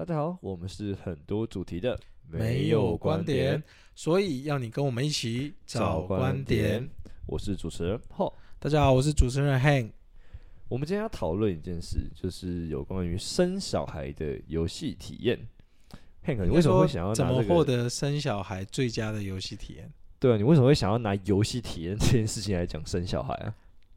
大家好，我們是很多主題的沒有，沒有觀點，所以要你跟我們一起找觀點。觀點，我是主持人，大家好，我是主持人 Hank，我們今天要討論一件事，就是有關於生小孩的遊戲體驗。Hank，你為什麼會想要拿、這個，怎麼獲得生小孩最佳的遊戲體驗？對啊，你為什麼會想要拿遊戲體驗這件事情來講生小孩啊？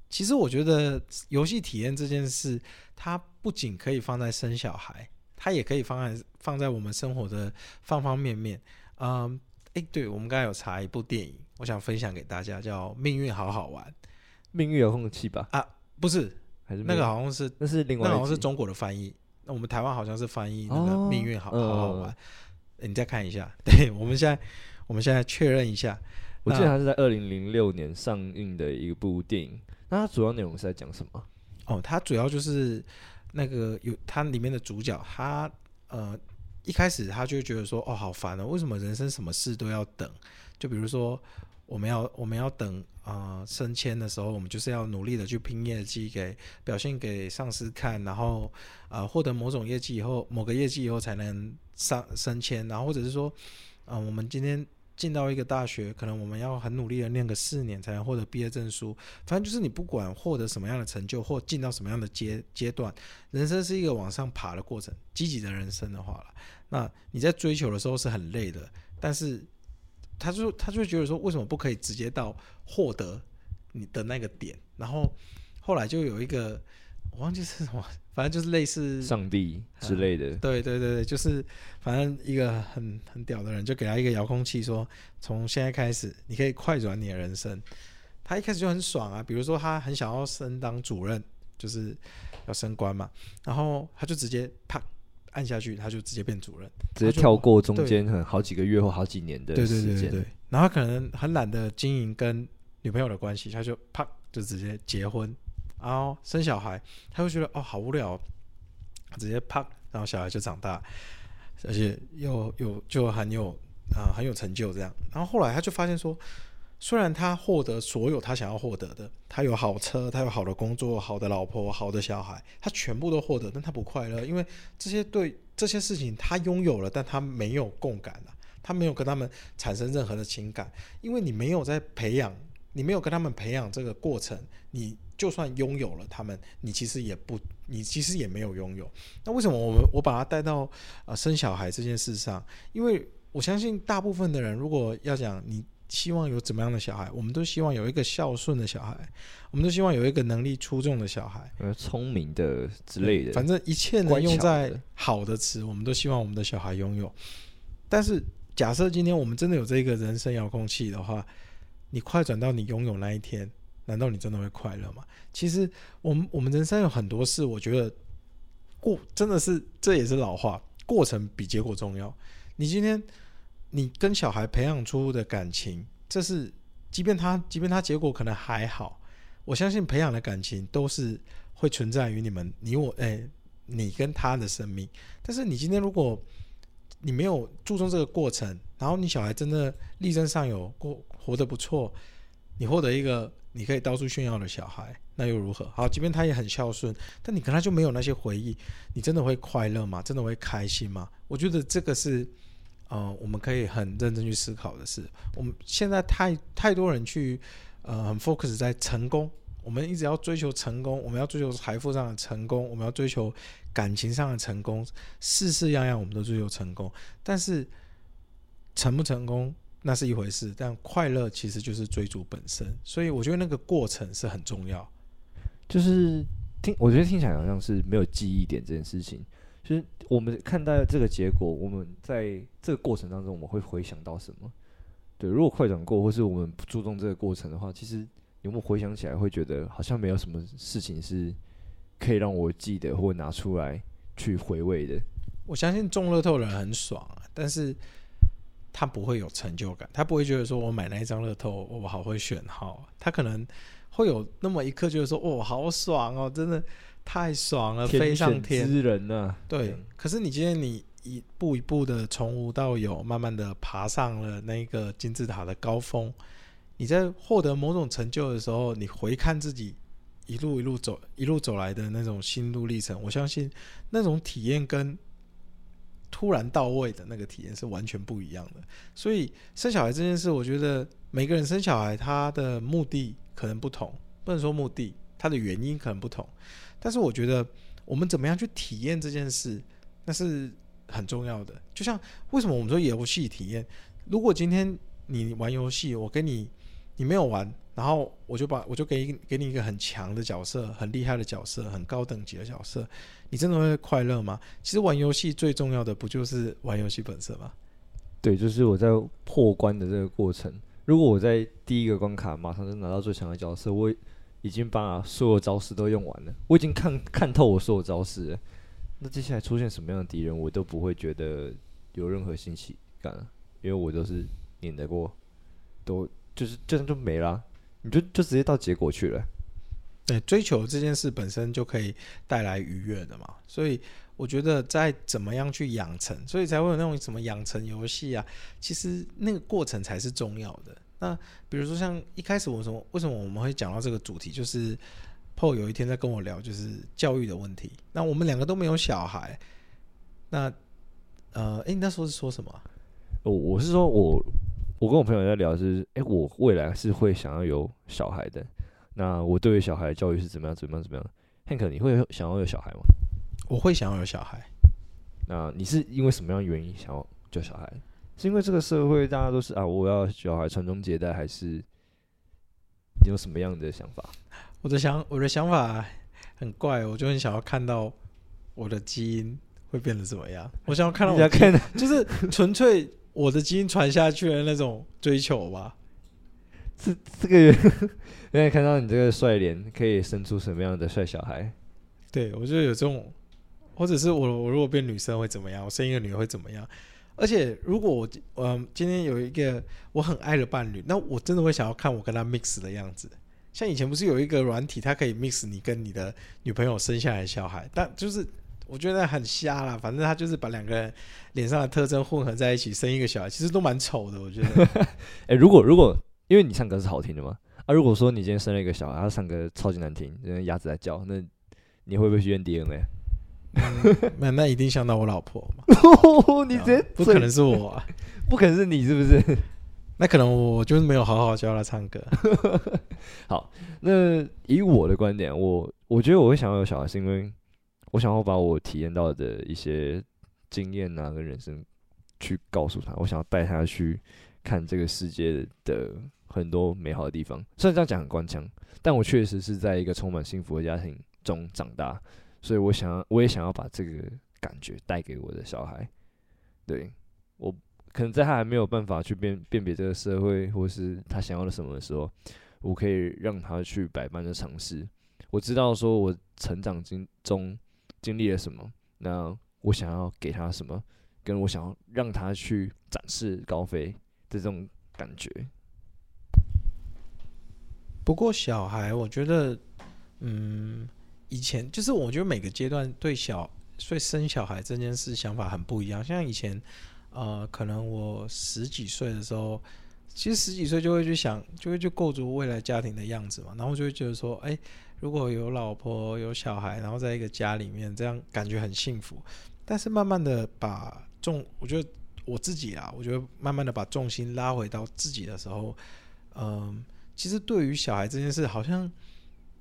其實我覺得遊戲體驗這件事，它不僅可以放在生小孩。它也可以放在放在我們生活的方方面面，嗯，欸、對，我們剛才有查一部電影，我想分享給大家，叫《命運好好玩》，命運遙控器吧？啊，不是，還是那個好像是，那是另外，那好像是中國的翻譯，那我們台灣好像是翻譯那個命《命運好、哦、好好玩》嗯嗯，欸、你再看一下，對，我們現在我們現在確認一下，我記得它是在二零零六年上映的一部電影，那它主要內容是在講什麼？哦，它主要就是。那個有它裡面的主角，他呃一開始他就覺得說，哦，好煩哦，為什麼人生什麼事都要等？就比如說，我們要我們要等啊、呃、升遷的時候，我們就是要努力的去拼業績，給表現給上司看，然後、呃、獲得某種業績以後，某個業績以後才能上升遷，然後或者是說、呃，啊我們今天，進到一個大學，可能我們要很努力的念個四年，才能獲得畢業證書。反正就是你不管獲得什麼樣的成就，或進到什麼樣的階階段，人生是一個往上爬的過程。積極的人生的話，那你在追求的時候是很累的，但是他就他就覺得說，為什麼不可以直接到獲得你的那個點？然後後來就有一個。我忘記是什麼，反正就是類似上帝之類的。啊，對對對對，就是反正一個很很屌的人，就給他一個遙控器說，說從現在開始，你可以快轉你的人生。他一開始就很爽啊，比如說他很想要升當主任，就是要升官嘛，然後他就直接啪按下去，他就直接變主任，直接跳過中間很對好幾個月或好幾年的時間。對對對對對，然後他可能很懶得經營跟女朋友的關係，他就啪就直接結婚。然後生小孩，他會覺得哦好無聊，直接啪，然後小孩就長大，而且又有就很有啊很有成就這樣。然後後來他就發現說，雖然他獲得所有他想要獲得的，他有好車，他有好的工作，好的老婆，好的小孩，他全部都獲得，但他不快樂，因為這些對這些事情他擁有了，但他沒有共感了啊，他沒有跟他們產生任何的情感，因為你沒有在培養。你沒有跟他們培養這個過程，你就算擁有了他們，你其實也不，你其實也沒有擁有。那為什麼我們我把他帶到，呃，生小孩這件事上？因為我相信大部分的人，如果要講你希望有怎麼樣的小孩，我們都希望有一個孝順的小孩，我們都希望有一個能力出眾的小孩，聰明的之類的，嗯。反正一切能用在好的詞，的我們都希望我們的小孩擁有。但是假設今天我們真的有這個人生遙控器的話。你快轉到你擁有那一天，難道你真的會快樂嗎？其實，我們我們人生有很多事，我覺得過真的是這也是老話，過程比結果重要。你今天你跟小孩培養出的感情，這是即便他即便他結果可能還好，我相信培養的感情都是會存在於你們你我誒、欸，你跟他的生命。但是你今天如果你沒有注重這個過程，然後你小孩真的力爭上游過活得不錯，你獲得一個你可以到處炫耀的小孩，那又如何？好，即便他也很孝順，但你可能就沒有那些回憶，你真的會快樂嗎？真的會開心嗎？我覺得這個是，呃，我們可以很認真去思考的事。我們現在太太多人去，呃，很 focus 在成功。我們一直要追求成功，我們要追求財富上的成功，我們要追求感情上的成功，事事樣樣我們都追求成功。但是成不成功那是一回事，但快樂其實就是追逐本身。所以我覺得那個過程是很重要。就是聽，我覺得聽起來好像是沒有記憶點這件事情。就是我們看到這個結果，我們在這個過程當中，我們會回想到什麼？對，如果快轉過，或是我們不注重這個過程的話，其實。你有沒有回想起來會覺得好像沒有什麼事情是可以讓我記得或拿出來去回味的？我相信中樂透的人很爽，但是他不會有成就感，他不會覺得說我買那一張樂透我好會選號，他可能會有那麼一刻覺得說，哦，好爽哦、喔，真的太爽了，啊、飛上天人呢？嗯、對。可是你今天你一步一步的從無到有，慢慢的爬上了那個金字塔的高峰，你在獲得某種成就的時候，你回看自己一路一路走一路走來的那種心路歷程，我相信那種體驗跟突然到位的那個體驗是完全不一樣的。所以生小孩這件事，我覺得每個人生小孩他的目的可能不同，不能說目的，他的原因可能不同。但是我覺得我們怎麼樣去體驗這件事，那是很重要的。就像為什麼我們說遊戲體驗，如果今天你玩遊戲，我跟你。你沒有玩，然後我就把我就給給你一個很強的角色，很厲害的角色，很高等級的角色，你真的會快樂嗎？其實玩遊戲最重要的不就是玩遊戲本身嗎？對，就是我在破關的這個過程。如果我在第一個關卡馬上就拿到最強的角色，我已經把所有招式都用完了，我已經看看透我所有招式了，那接下來出現什麼樣的敵人我都不會覺得有任何新奇感了，因為我都是碾得過，都。就是這樣就沒了。你就就直接到結果去了。對，追求這件事本身就可以帶來愉悅的嘛，所以我覺得再怎麼樣去養成，所以才會有那種什麼養成遊戲啊，其實那個過程才是重要的。那比如說像一開始我說為什麼我們會講到這個主題，就是 Paul 有一天在跟我聊就是教育的問題，那我們兩個都沒有小孩，那呃、誒、欸，那時候是說什麼？我、嗯、我是說我。我跟我朋友在聊就是，哎，我未來是會想要有小孩的。那我對於小孩教育是怎麼樣？怎麼樣？怎麼樣？Hank，你會想要有小孩嗎？我會想要有小孩。那你是因為什麼樣原因想要生小孩？是因為這個社會大家都是啊，我要小孩傳宗接代，還是你有什麼樣的想法？我的想，我的想法很怪，我就很想要看到我的基因會變得怎麼樣。我想要看到，你要看，我的就是純粹。 我的基因傳下去的那種追求吧。這這個人，那看到你這個帥臉，可以生出什麼樣的帥小孩？對，我就有這種，或者是我我如果變女生會怎麼樣？我生一個女兒會怎麼樣？而且如果我嗯、呃、今天有一個我很愛的伴侶，那我真的會想要看我跟他 mix 的樣子。像以前不是有一個軟體，它可以 mix 你跟你的女朋友生下來的小孩，但就是。我覺得很瞎啦，反正他就是把兩個人臉上的特徵混合在一起，生一個小孩，其實都蠻醜的。我覺得，哎、 欸，如果如果因為你唱歌是好聽的嘛，啊，如果說你今天生了一個小孩，他唱歌超級難聽，人家鴨子在叫，那你會不會去驗 DNA？那，那一定想到我老婆，你直接不可能是我，啊，不可能是你，是不是？ 那可能我就是沒有好好教他唱歌。 好，那以我的觀點，我我覺得我會想要有小孩是因為。我想要把我體驗到的一些經驗啊，跟人生去告訴他。我想要帶他去看這個世界的很多美好的地方。雖然這樣講很官腔，但我確實是在一個充滿幸福的家庭中長大，所以我想要，我也想要把這個感覺帶給我的小孩。對，我可能在他還沒有辦法去辨辨別這個社會或是他想要的什麼的時候，我可以讓他去百般的嘗試。我知道，說我成長經中，經歷了什麼？那我想要給他什麼？跟我想要讓他去展翅高飛的這種感覺。不過小孩，我覺得，嗯，以前就是我覺得每個階段對小，所以生小孩這件事想法很不一樣。像以前，呃，可能我十幾歲的時候，其實十幾歲就會去想，就會去構築未來家庭的樣子嘛。然後就會覺得說，哎、欸。如果有老婆，有小孩，然後在一個家裡面，這樣感覺很幸福。但是慢慢的把重，我覺得我自己啊，我覺得慢慢的把重心拉回到自己的時候，嗯，其實對於小孩這件事，好像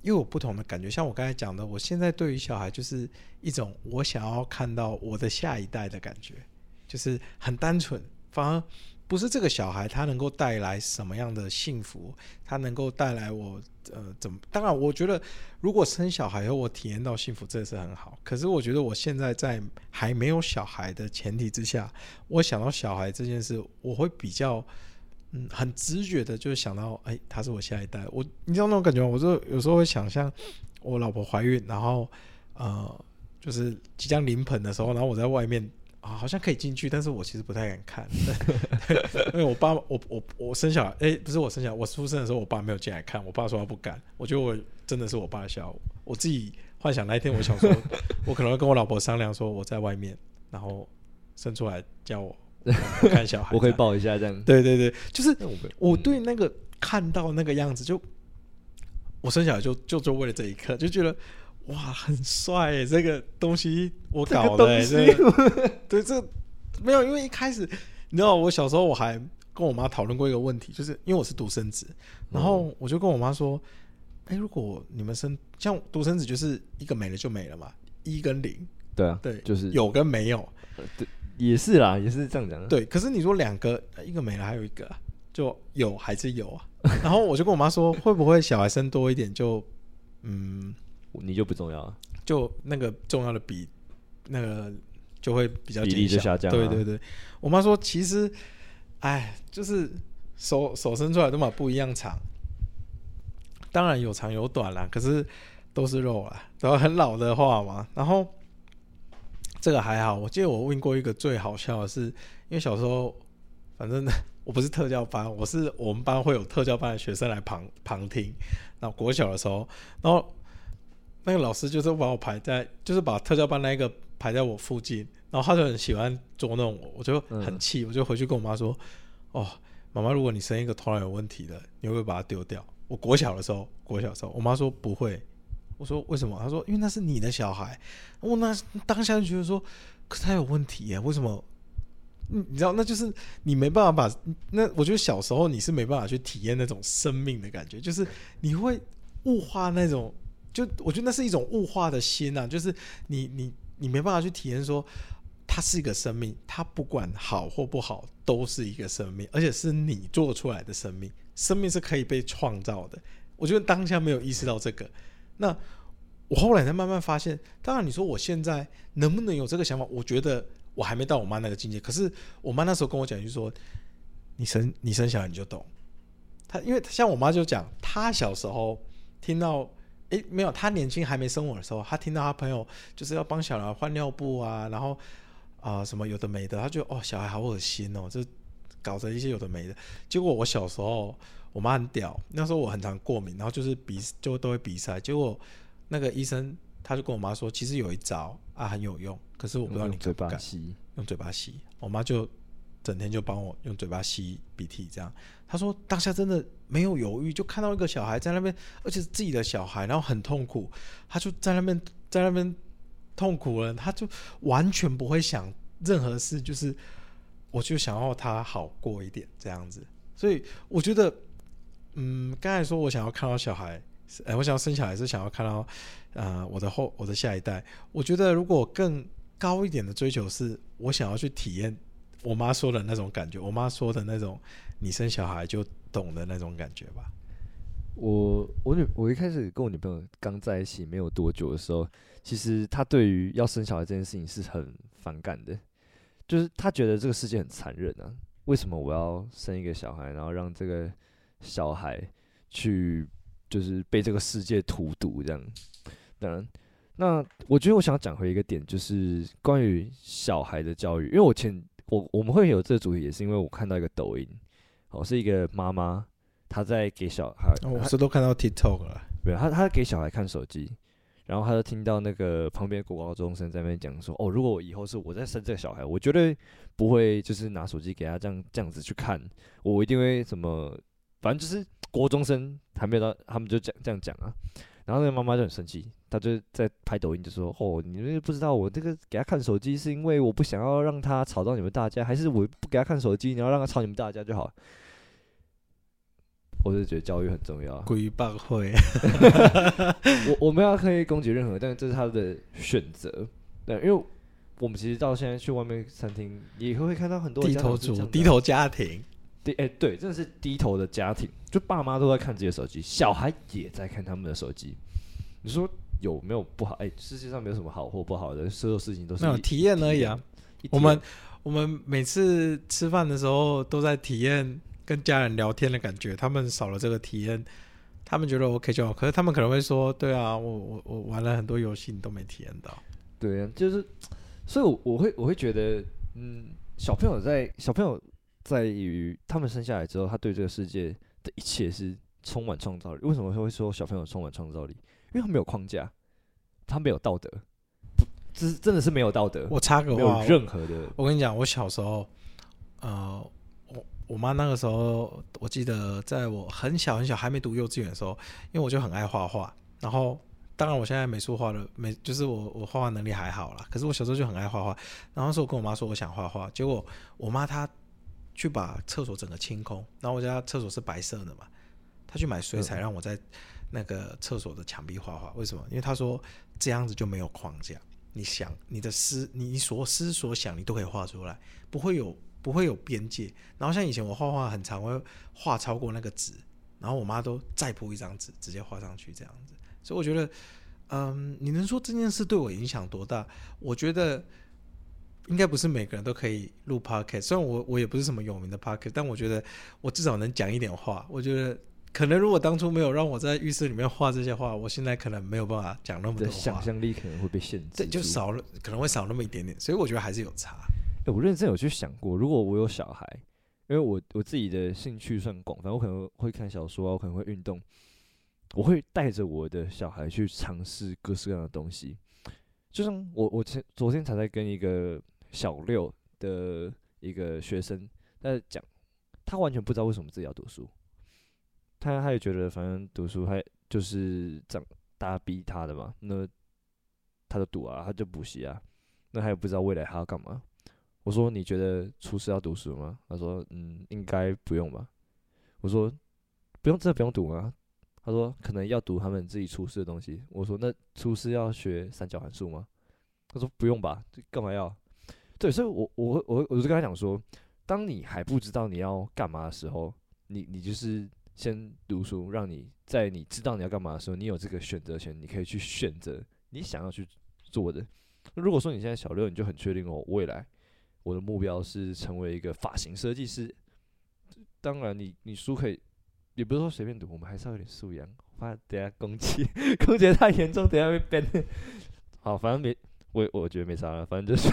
又有不同的感覺。像我剛才講的，我現在對於小孩就是一種我想要看到我的下一代的感覺，就是很單純，反而。不是這個小孩，他能夠帶來什麼樣的幸福？他能夠帶來我，呃，怎麼？當然，我覺得如果生小孩以後我體驗到幸福，這是很好。可是，我覺得我現在在還沒有小孩的前提之下，我想到小孩這件事，我會比較，嗯，很直覺的就想到，哎、欸，他是我下一代。我你知道那種感覺嗎？我就有時候會想象我老婆懷孕，然後，呃，就是即將臨盆的時候，然後我在外面。啊、哦，好像可以進去，但是我其實不太敢看， 因為我爸，我我我生小孩，誒、欸，不是我生小孩，我出生的時候，我爸沒有進來看，我爸說他不敢，我覺得我真的是我爸的小，我自己幻想那一天，我想說，我可能會跟我老婆商量說，我在外面，然後生出來叫我，我看小孩， 我可以抱一下這樣，對對對，就是我對那個看到那個樣子就，就我生小孩就就就為了這一刻，就覺得。哇，很帥耶。這個東西我搞的，對，這個、沒有，因為一開始你知道，我小時候我還跟我媽討論過一個問題，就是因為我是獨生子，嗯、然後我就跟我媽說：“哎、欸，如果你們生像獨生子，就是一個沒了就沒了嘛，一跟零，對啊，對，就是有跟沒有、呃，對，也是啦，也是這樣講的。對，可是你說兩個，一個沒了，還有一個就有還是有啊？ 然後我就跟我媽說，會不會小孩生多一點就嗯？”你就不重要了，就那個重要的比那個就會比較比例就下降，啊。對對對，我媽說其實，哎，就是手手伸出來都嘛不一樣長，當然有長有短啦，可是都是肉啊，然後很老的話嘛。然後這個還好，我記得我問過一個最好笑的是，因為小時候反正我不是特教班，我是我們班會有特教班的學生來旁旁聽。然後國小的時候，然後。那個老師就是把我排在，就是把特教班那個排在我附近，然後他就很喜歡捉弄我，我就很氣，我就回去跟我媽說：“嗯、哦，媽媽，如果你生一個突然有問題的，你會不會把它丟掉？”我國小的時候，國小的時候，我媽說不會。我說為什麼？她說因為那是你的小孩。我那當下就覺得說，可他有問題耶？為什麼？嗯、你知道，那就是你沒辦法把，那我覺得小時候你是沒辦法去體驗那種生命的感覺，就是你會物化那種。就我覺得那是一種物化的心啊，就是你你你沒辦法去體驗說，它是一個生命，它不管好或不好都是一個生命，而且是你做出來的生命，生命是可以被創造的。我覺得當下沒有意識到這個，那我後來才慢慢發現。當然你說我現在能不能有這個想法？我覺得我還沒到我媽那個境界。可是我媽那時候跟我講就說你，你生你生下來你就懂。她因為像我媽就講，她小時候聽到。誒沒有，他年輕還沒生我的時候，他聽到他朋友就是要幫小孩換尿布啊，然後啊、呃、什麼有的沒的，他就哦小孩好噁心哦，就搞成一些有的沒的。結果我小時候我媽很屌，那時候我很常過敏，然後就是鼻就都會鼻塞。結果那個醫生他就跟我媽說，其實有一招啊很有用，可是我不知道你嘴巴吸，用嘴巴吸。我媽就。整天就幫我用嘴巴吸鼻涕，這樣他說當下真的沒有猶豫，就看到一個小孩在那邊，而且是自己的小孩，然後很痛苦，他就在那邊在那邊痛苦了，他就完全不會想任何事，就是我就想要他好過一點這樣子。所以我覺得，嗯，剛才說我想要看到小孩，欸，我想要生小孩，是想要看到，呃，我的後我的下一代。我覺得如果更高一點的追求，是我想要去體驗。我媽說的那種感覺，我媽說的那種，你生小孩就懂的那種感覺吧。我我女我一開始跟我女朋友剛在一起沒有多久的時候，其實她對於要生小孩這件事情是很反感的，就是她覺得這個世界很殘忍啊，為什麼我要生一個小孩，然後讓這個小孩去就是被這個世界荼毒這樣？當然，那我覺得我想講回一個點，就是關於小孩的教育，因為我前。我我們會有這個主題，也是因為我看到一個抖音，哦，是一個媽媽，她在給小孩，哦、我我都看到 TikTok 了，對，她她給小孩看手機，然後她就聽到那個旁邊的國高中生在那邊講說，哦，如果我以後是我在生這個小孩，我絕對不會就是拿手機給他這樣這樣子去看，我一定會什麼，反正就是國中生還沒有到，他們就講這樣講啊，然後那個媽媽就很生氣。他就在拍抖音，就說：“哦，你們不知道我這個給他看手機，是因為我不想要讓他吵到你們大家，還是我不給他看手機，你要讓他吵你們大家就好？”我就覺得教育很重要。歸八會， 我我們要可以攻擊任何，但是這是他的選擇。對，因為我們其實到現在去外面餐廳，也會看到很多的是是低頭族、低頭家庭。對，哎、欸，對，真的是低頭的家庭，就爸媽都在看自己的手機，小孩也在看他們的手機。你說。有沒有不好？哎、欸，世界上沒有什麼好或不好的，所有事情都是沒有體驗而已啊。天我們我們每次吃飯的時候都在體驗跟家人聊天的感覺。他們少了這個體驗，他們覺得 OK 就好。可是他們可能會說：“對啊，我我我玩了很多遊戲，你都沒體驗到。”對啊，就是，所以我，我我會我會覺得，嗯，小朋友在小朋友在於他們生下來之後，他對這個世界的一切是充滿創造力。為什麼會說小朋友充滿創造力？因為他沒有框架，他沒有道德，這真的是沒有道德。我插個話，沒有任何的我。我跟你講，我小時候，呃，我我媽那個時候，我記得在我很小很小還沒讀幼稚園的時候，因為我就很愛畫畫。然後，當然我現在美術畫的美，就是我我畫畫能力還好啦。可是我小時候就很愛畫畫。然後那時候我跟我媽說我想畫畫，結果我媽她去把廁所整個清空，然後我家廁所是白色的嘛，她去買水彩讓我在。嗯那個廁所的牆壁畫畫，為什麼？因為他說這樣子就沒有框架，你想你的思你所思所想，你都可以畫出來，不會有不會有邊界。然後像以前我畫畫很常，我會畫超過那個紙，然後我媽都再鋪一張紙直接畫上去這樣子。所以我覺得，嗯，你能說這件事對我影響多大？我覺得應該不是每個人都可以錄 podcast，雖然我我也不是什麼有名的 podcast，但我覺得我至少能講一點話。我覺得。可能如果當初沒有讓我在浴室裡面畫這些畫，我現在可能沒有辦法講那麼多話。想象力可能會被限制，對，就少了，可能會少那麼一點點。所以我覺得還是有差。我認真有去想過，如果我有小孩，因為我我自己的興趣算廣泛，我可能會看小說，我可能會運動，我會帶着我的小孩去嘗試各式各樣的東西。就像我我前昨天才在跟一個小六的一個學生在講，他完全不知道為什麼自己要讀書。他他也覺得，反正讀書還就是長大家逼他的嘛。那他就讀啊，他就補習啊。那他也不知道未來他要幹嘛。我說：“你覺得廚師要讀書嗎？”他說：“嗯，應該不用吧。”我說：“不用真的不用讀嗎？”他說：“可能要讀他們自己廚師的東西。”我說：“那廚師要學三角函數嗎？”他說：“不用吧，幹嘛要？”對，所以我我我我就跟他講說：“當你還不知道你要幹嘛的時候，你你就是。”先讀書，讓你在你知道你要幹嘛的時候，你有這個選擇權，你可以去選擇你想要去做的。如果說你現在小六，你就很確定哦，未來我的目標是成為一個髮型設計師。當然你，你你書可以，也不是說隨便讀，我們還是要有點素養。我怕等下攻擊，攻擊太嚴重，等下會被 ban。好，反正沒我，我覺得沒啥了，反正就是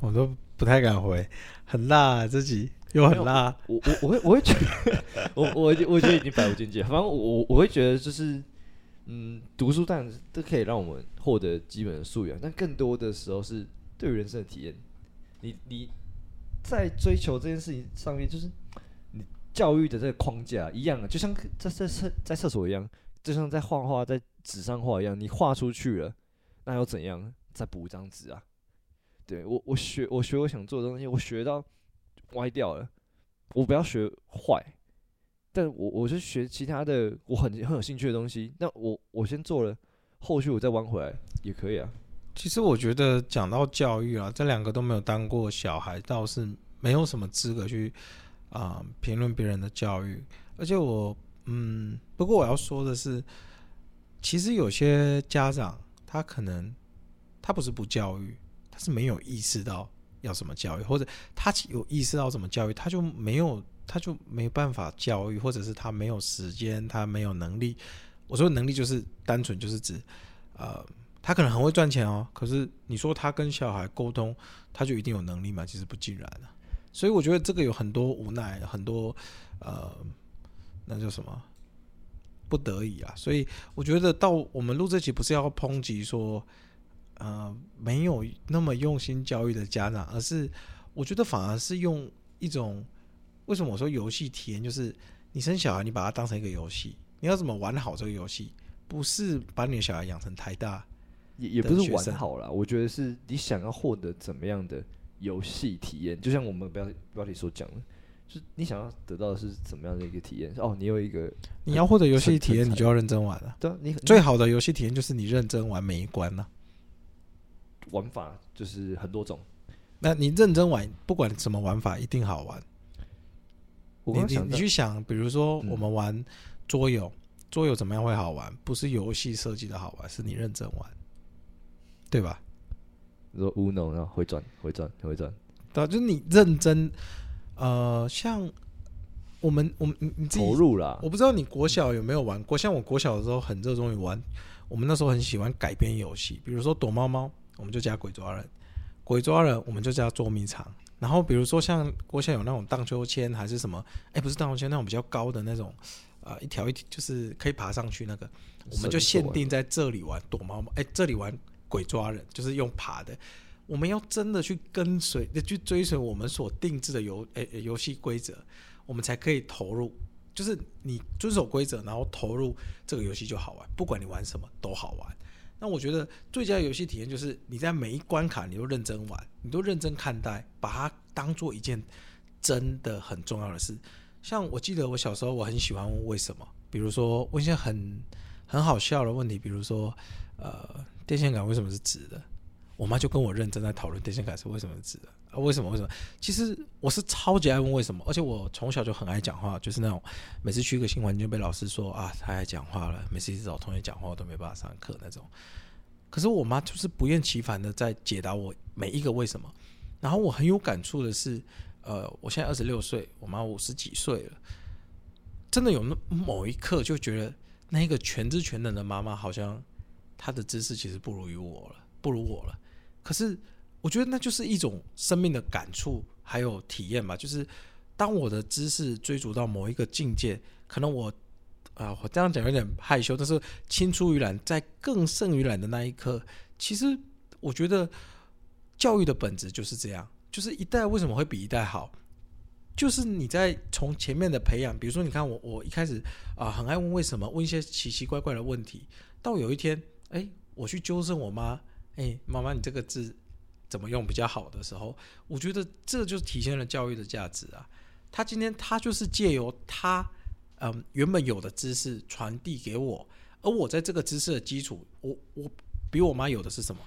我都不太敢回，很辣自、啊、己。這有很拉，我我我會我會覺得， 我我我就已經百無禁忌。反正我我會覺得就是，嗯，讀書這樣都可以讓我們獲得基本的素養，但更多的時候是對人生的體驗。你你在追求這件事情上面，就是你教育的這個框架一樣，就像在在廁在廁所一樣，就像在畫畫在紙上畫一樣，你畫出去了，那又怎樣呢？再補一張紙啊？對，我我學我學我想做的東西，我學到。歪掉了，我不要學壞，但我我是學其他的，我很很有興趣的東西。那我我先做了，後續我再彎回來也可以啊。其實我覺得講到教育啊，這兩個都沒有當過小孩，倒是沒有什麼資格去啊評論別人的教育。而且我嗯，不過我要說的是，其實有些家長他可能他不是不教育，他是沒有意識到。要什麼教育，或者他有意識到怎麼教育，他就沒有，他就沒辦法教育，或者是他沒有時間，他沒有能力。我說能力就是單純就是指，呃，他可能很會賺錢哦，可是你說他跟小孩溝通，他就一定有能力嗎？其實不盡然的啊。所以我覺得這個有很多無奈，很多呃，那叫什麼不得已啊？所以我覺得到我們錄這集不是要抨擊說。呃，沒有那麼用心教育的家長，而是我覺得反而是用一種為什麼我說遊戲體驗？就是你生小孩，你把它當成一個遊戲，你要怎麼玩好這個遊戲？不是把你的小孩養成台大也也不是玩好了。我覺得是你想要獲得怎麼樣的遊戲體驗？就像我們標題標題所講的，就是你想要得到的是怎麼樣的一個體驗？哦，你有一個你要獲得遊戲體驗，你就要認真玩了、啊。對、嗯啊，你最好的遊戲體驗就是你認真玩每一關了、啊玩法就是很多種，那你認真玩，不管什麼玩法，一定好玩。剛剛，你你你去想，比如說我們玩桌遊，嗯、桌遊怎麼樣會好玩？不是遊戲設計的好玩，是你認真玩，對吧？如說 UNO，然後會轉，會轉，會轉。對啊，就是你認真，呃，像我們我們你你投入了，我不知道你國小有沒有玩過？像我國小的時候很熱衷於玩，我們那時候很喜歡改編遊戲，比如說躲貓貓。我們就加鬼抓人，鬼抓人我們就加捉迷藏。然後比如說像我想有那種盪秋千還是什麼，哎、欸、不是盪秋千那種比較高的那種，啊、呃，一條一條就是可以爬上去那個，我們就限定在這裡玩躲貓貓。哎、欸、這裡玩鬼抓人就是用爬的，我們要真的去跟隨去追隨我們所定制的遊哎遊戲規則，我們才可以投入。就是你遵守規則，然後投入這個遊戲就好玩，不管你玩什麼都好玩。那我覺得最佳遊戲體驗就是你在每一關卡，你都認真玩，你都認真看待，把它當做一件真的很重要的事。像我記得我小時候我很喜歡問為什麼，比如說問一些很很好笑的問題，比如說呃電線桿為什麼是直的？我媽就跟我認真在討論電線桿是為什麼直的啊，為什麼為什麼？其實我是超級愛問為什麼，而且我從小就很愛講話，就是那種每次去一個新環境就被老師說啊，太愛講話了，每次一找同學講話我都沒辦法上課那種。可是我媽就是不厭其煩的在解答我每一個為什麼，然後我很有感觸的是，呃，我現在二十六歲，我媽五十幾歲了，真的有那某一刻就覺得那個全知全能的媽媽好像她的知識其實不如於我了，不如我了。可是，我覺得那就是一種生命的感觸，還有體驗嘛。就是當我的知識追逐到某一個境界，可能我啊、呃，我這樣講有點害羞，但是青出於藍，在更勝於藍的那一刻，其實我覺得教育的本質就是這樣。就是一代為什麼會比一代好，就是你在從前面的培養，比如說你看我，我一開始啊、呃、很愛問為什麼，問一些奇奇怪怪的問題，到有一天，哎、欸，我去糾正我媽。哎，媽媽，你這個字怎麼用比較好的時候，我覺得這就是體現了教育的價值啊。他今天他就是借由他嗯、呃、原本有的知識傳遞給我，而我在這個知識的基礎，我我比我媽有的是什麼？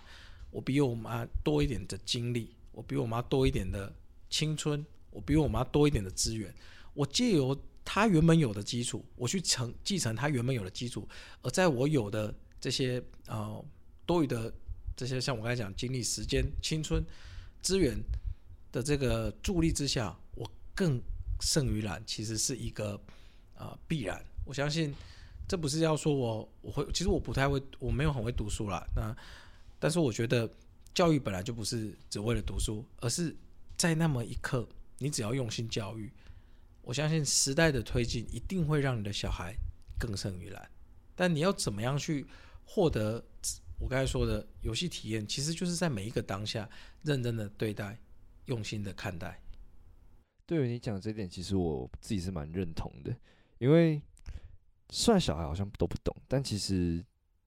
我比我媽多一點的精力，我比我媽多一點的青春，我比我媽多一點的資源。我借由他原本有的基礎，我去承繼承他原本有的基礎，而在我有的這些啊、呃、多餘的。這些像我剛才講，經歷時間、青春、資源的這個助力之下，我更勝於藍，其實是一個啊、呃、必然。我相信這不是要說我我會，其實我不太會，我沒有很會讀書啦。那但是我覺得教育本來就不是只為了讀書，而是在那麼一刻，你只要用心教育，我相信時代的推進一定會讓你的小孩更勝於藍，但你要怎麼樣去獲得？我剛才說的遊戲體驗，其實就是在每一個當下認真的對待，用心的看待。對於你講這點，其實我自己是蠻認同的。因為雖然小孩好像都不懂，但其實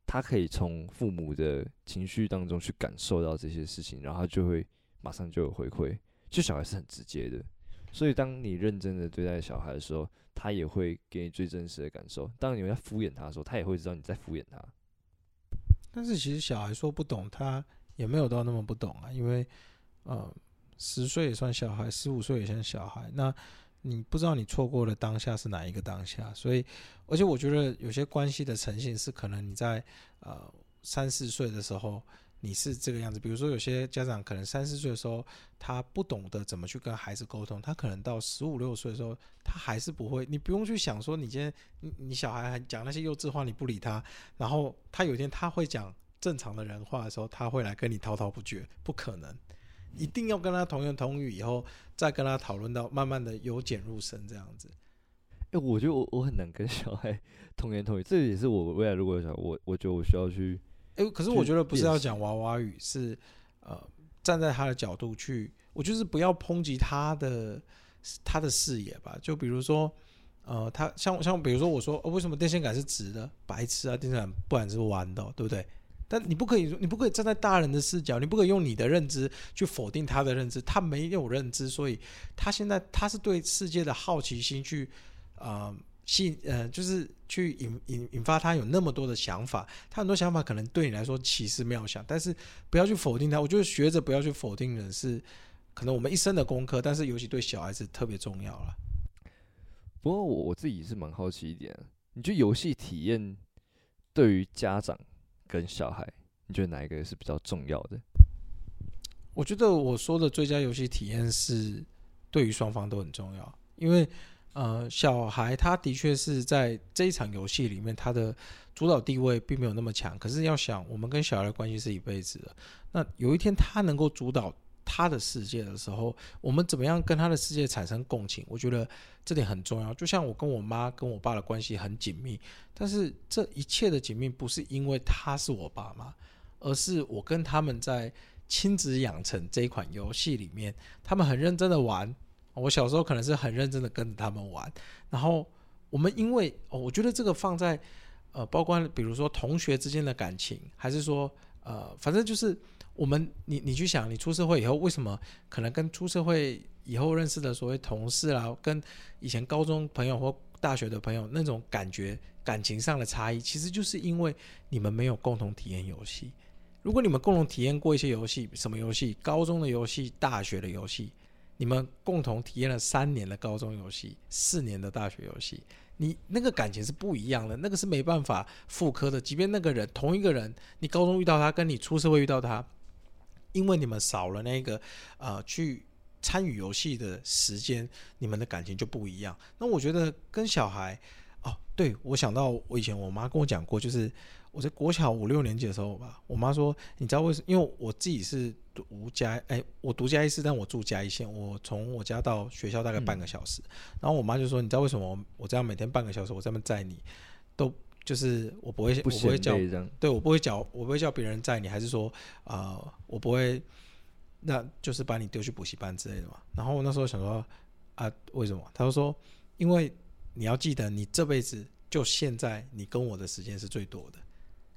他可以從父母的情緒當中去感受到這些事情，然後他就會馬上就有回饋。就小孩是很直接的，所以當你認真的對待小孩的時候，他也會給你最真實的感受。當你在敷衍他的時候，他也會知道你在敷衍他。但是其實小孩說不懂，他也沒有到那麼不懂啊，因為，呃，十歲也算小孩，十五歲也算小孩。那你不知道你錯過了當下是哪一個當下，所以，而且我覺得有些關係的呈現是可能你在呃三四歲的時候。你是這個樣子，比如說有些家長可能三四歲的時候，他不懂得怎麼去跟孩子溝通，他可能到十五六歲的時候，他還是不會。你不用去想說，你今天你小孩還講那些幼稚話你不理他，然後他有一天他會講正常的人話的時候，他會來跟你滔滔不絕，不可能。一定要跟他同言同語，以後再跟他討論到慢慢的由淺入深這樣子，欸。我覺得我我很難跟小孩同言同語，這也是我未來如果我想我，我覺得我需要去。哎、欸，可是我覺得不是要講娃娃語，就是，呃，站在他的角度去，我就是不要抨擊他的他的視野吧。就比如說，呃，他像像比如說，我說、呃、為什麼電線桿是直的，白痴啊，電線桿不然是彎的，對不對？但你不可以說，你不可以站在大人的視角，你不可以用你的認知去否定他的認知，他沒有認知，所以他現在他是對世界的好奇心去，嗯、呃。吸，呃，就是去引引引發他有那麼多的想法，他很多想法可能對你來說奇思妙想，但是不要去否定他。我覺得學着不要去否定人是可能我們一生的功課，但是尤其對小孩子特別重要了。不過我我自己是蠻好奇一點啊，你覺得遊戲體驗對於家長跟小孩，你覺得哪一個是比較重要的？我覺得我說的最佳遊戲體驗是對於雙方都很重要，因為。呃，小孩他的確是在這一場遊戲裡面，他的主導地位並沒有那麼強。可是要想我們跟小孩的關係是一輩子的，那有一天他能夠主導他的世界的時候，我們怎麼樣跟他的世界產生共情？我覺得這點很重要。就像我跟我媽跟我爸的關係很緊密，但是這一切的緊密不是因為他是我爸媽，而是我跟他們在親子養成這一款遊戲裡面，他們很認真的玩。我小時候可能是很認真的跟着他們玩，然後我們因為哦，我覺得這個放在呃，包括比如說同學之間的感情，還是說呃，反正就是我們你你去想，你出社會以後為什麼可能跟出社會以後認識的所謂同事啊，跟以前高中朋友或大學的朋友那種感覺，感情上的差異，其實就是因為你們沒有共同體驗遊戲。如果你們共同體驗過一些遊戲，什麼遊戲？高中的遊戲，大學的遊戲。你們共同體驗了三年的高中遊戲，四年的大學遊戲，你那個感情是不一樣的，那個是沒辦法複刻的。即便那個人同一個人，你高中遇到他，跟你出社會遇到他，因為你們少了那個呃去參與遊戲的時間，你們的感情就不一樣。那我覺得跟小孩，哦，對，我想到我以前我媽跟我講過，就是。我在國小五六年級的時候吧，我媽說，你知道為什麼？因為我自己是讀嘉哎、欸，我讀嘉義市，但我住嘉義縣，我從我家到學校大概半個小時。嗯、然後我媽就說，你知道為什麼我這樣每天半個小時，我這麼載你，都就是我不會不會叫對我不會叫不我不會叫別人載你，還是說啊、呃，我不會那就是把你丟去補習班之類的嘛。然後我那時候想說啊，為什麼？她就說，因為你要記得，你這輩子就現在你跟我的時間是最多的。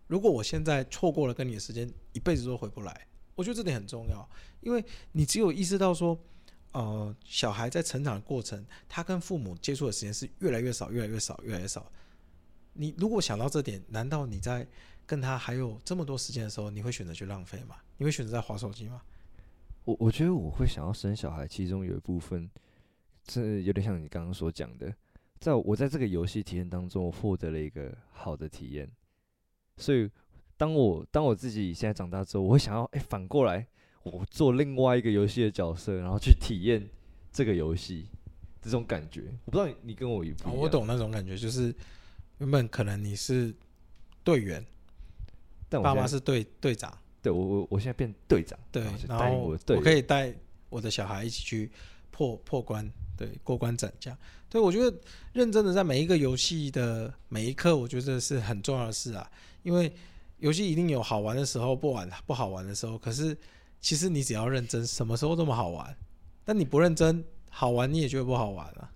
如果我現在錯過了跟你的時間，一輩子都回不來。我覺得這點很重要，因為你只有意識到說，呃，小孩在成長的過程，他跟父母接觸的時間是越來越少、越來越少、越來越少。你如果想到這點，難道你在跟他還有這麼多時間的時候，你會選擇去浪費嗎？你會選擇在滑手機嗎？我我覺得我會想要生小孩，其中有一部分這有點像你剛剛所講的，在我在這個遊戲體驗當中，我獲得了一個好的體驗。所以，當我當我自己現在長大之後，我會想要哎、欸，反過來，我做另外一個遊戲的角色，然後去體驗這個遊戲這種感覺。我不知道你，你跟我一，不一樣。啊，我懂那種感覺，就是原本可能你是隊員，但我爸媽是隊隊長，對，我我我現在變隊長。對，然後，我然後我可以帶我的小孩一起去破破關，對，過關斬將。對，我覺得認真的在每一個遊戲的每一刻，我覺得是很重要的事啊。因為遊戲一定有好玩的時候，不玩不好玩的時候。可是其實你只要認真，什麼時候都那麼好玩。但你不認真，好玩你也覺得不好玩啊。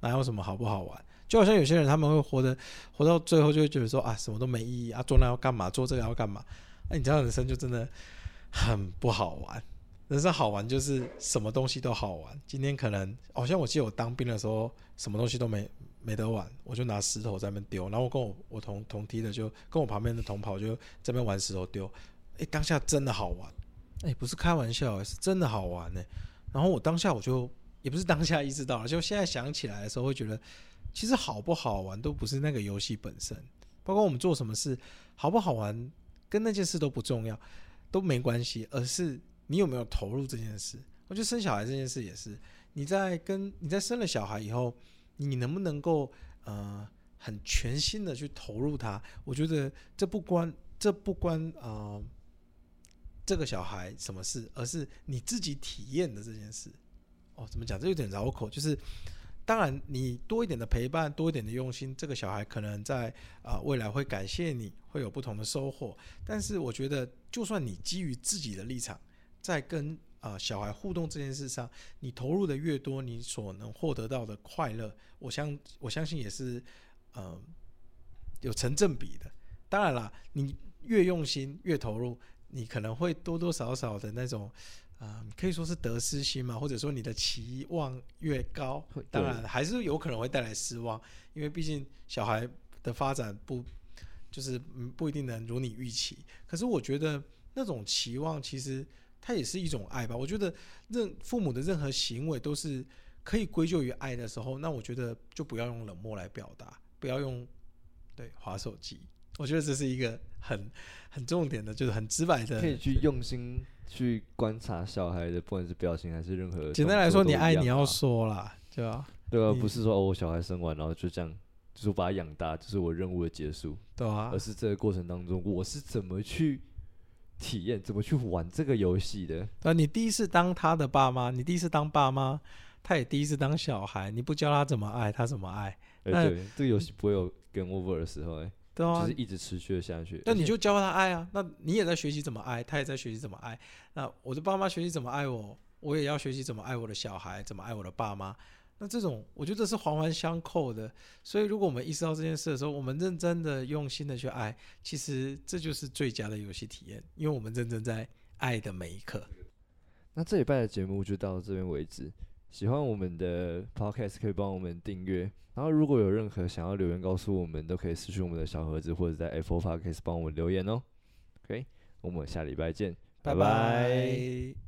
哪有什麼好不好玩？就好像有些人他們會活得活到最後，就會覺得說啊，什麼都沒意義啊，做那要幹嘛，做這個要幹嘛？哎、啊，你這樣人生就真的很不好玩。人生好玩就是什麼東西都好玩。今天可能好、哦、像我記得我當兵的時候，什麼東西都沒。沒得玩，我就拿石頭在那邊丟，然後我跟我我同同梯的就跟我旁邊的同袍就在那邊玩石頭丟，哎、欸，當下真的好玩，哎、欸，不是開玩笑、欸，是真的好玩誒、欸，然後我當下我就也不是當下意識到了，就現在想起來的時候會覺得，其實好不好玩都不是那個遊戲本身，包括我們做什麼事好不好玩，跟那件事都不重要，都沒關係，而是你有沒有投入這件事。我覺得生小孩這件事也是，你在跟你在生了小孩以後。你能不能夠呃很全心的去投入它？我覺得這不關這不關啊、呃、這個小孩什麼事，而是你自己體驗的這件事。哦，怎麼講？這有點繞口。就是當然，你多一點的陪伴，多一點的用心，這個小孩可能在啊、呃、未來會感謝你，會有不同的收穫。但是我覺得，就算你基於自己的立場，在跟。啊、呃，小孩互動這件事上，你投入的越多，你所能獲得到的快樂，我相信，我相信也是，嗯、呃，有成正比的。當然啦，你越用心越投入，你可能會多多少少的那種，啊、呃，可以說是得失心嘛，或者說你的期望越高，當然還是有可能會帶來失望，因為畢竟小孩的發展不就是不一定能如你預期。可是我覺得那種期望其實。他也是一種愛吧，我覺得任父母的任何行為都是可以歸咎於愛的時候，那我覺得就不要用冷漠來表達，不要用對滑手機，我覺得這是一個很很重點的，就是很直白的，可以去用心去觀察小孩的，不管是表情還是任何。簡單來說，啊、你愛你要說啦，對吧、啊？對啊，你不是說我小孩生完然後就這樣，就是把他養大，就是我任務的結束，對吧、啊？而是這個過程當中，我是怎麼去。體驗怎麼去玩這個遊戲的？那你第一次當他的爸媽，你第一次當爸媽，他也第一次當小孩。你不教他怎麼愛，他怎麼愛？哎，欸、對，這個遊戲不會有 game over 的時候，欸，哎、啊，對，就是一直持續的下去。那你就教他愛啊，而且，那你也在學習怎麼愛，他也在學習怎麼愛。那我的爸媽學習怎麼愛我，我也要學習怎麼愛我的小孩，怎麼愛我的爸媽。那這種，我覺得這是環環相扣的。所以，如果我們意識到這件事的時候，我們認真的、用心的去愛，其實這就是最佳的遊戲體驗，因為我們認真在愛的每一刻。那這禮拜的節目就到這邊為止。喜歡我們的 Podcast 可以幫我們訂閱，然後如果有任何想要留言告訴我們，都可以私訊我們的小盒子，或者在 Apple Podcast 幫我們留言哦。OK，我們下禮拜見，拜拜 bye。Bye bye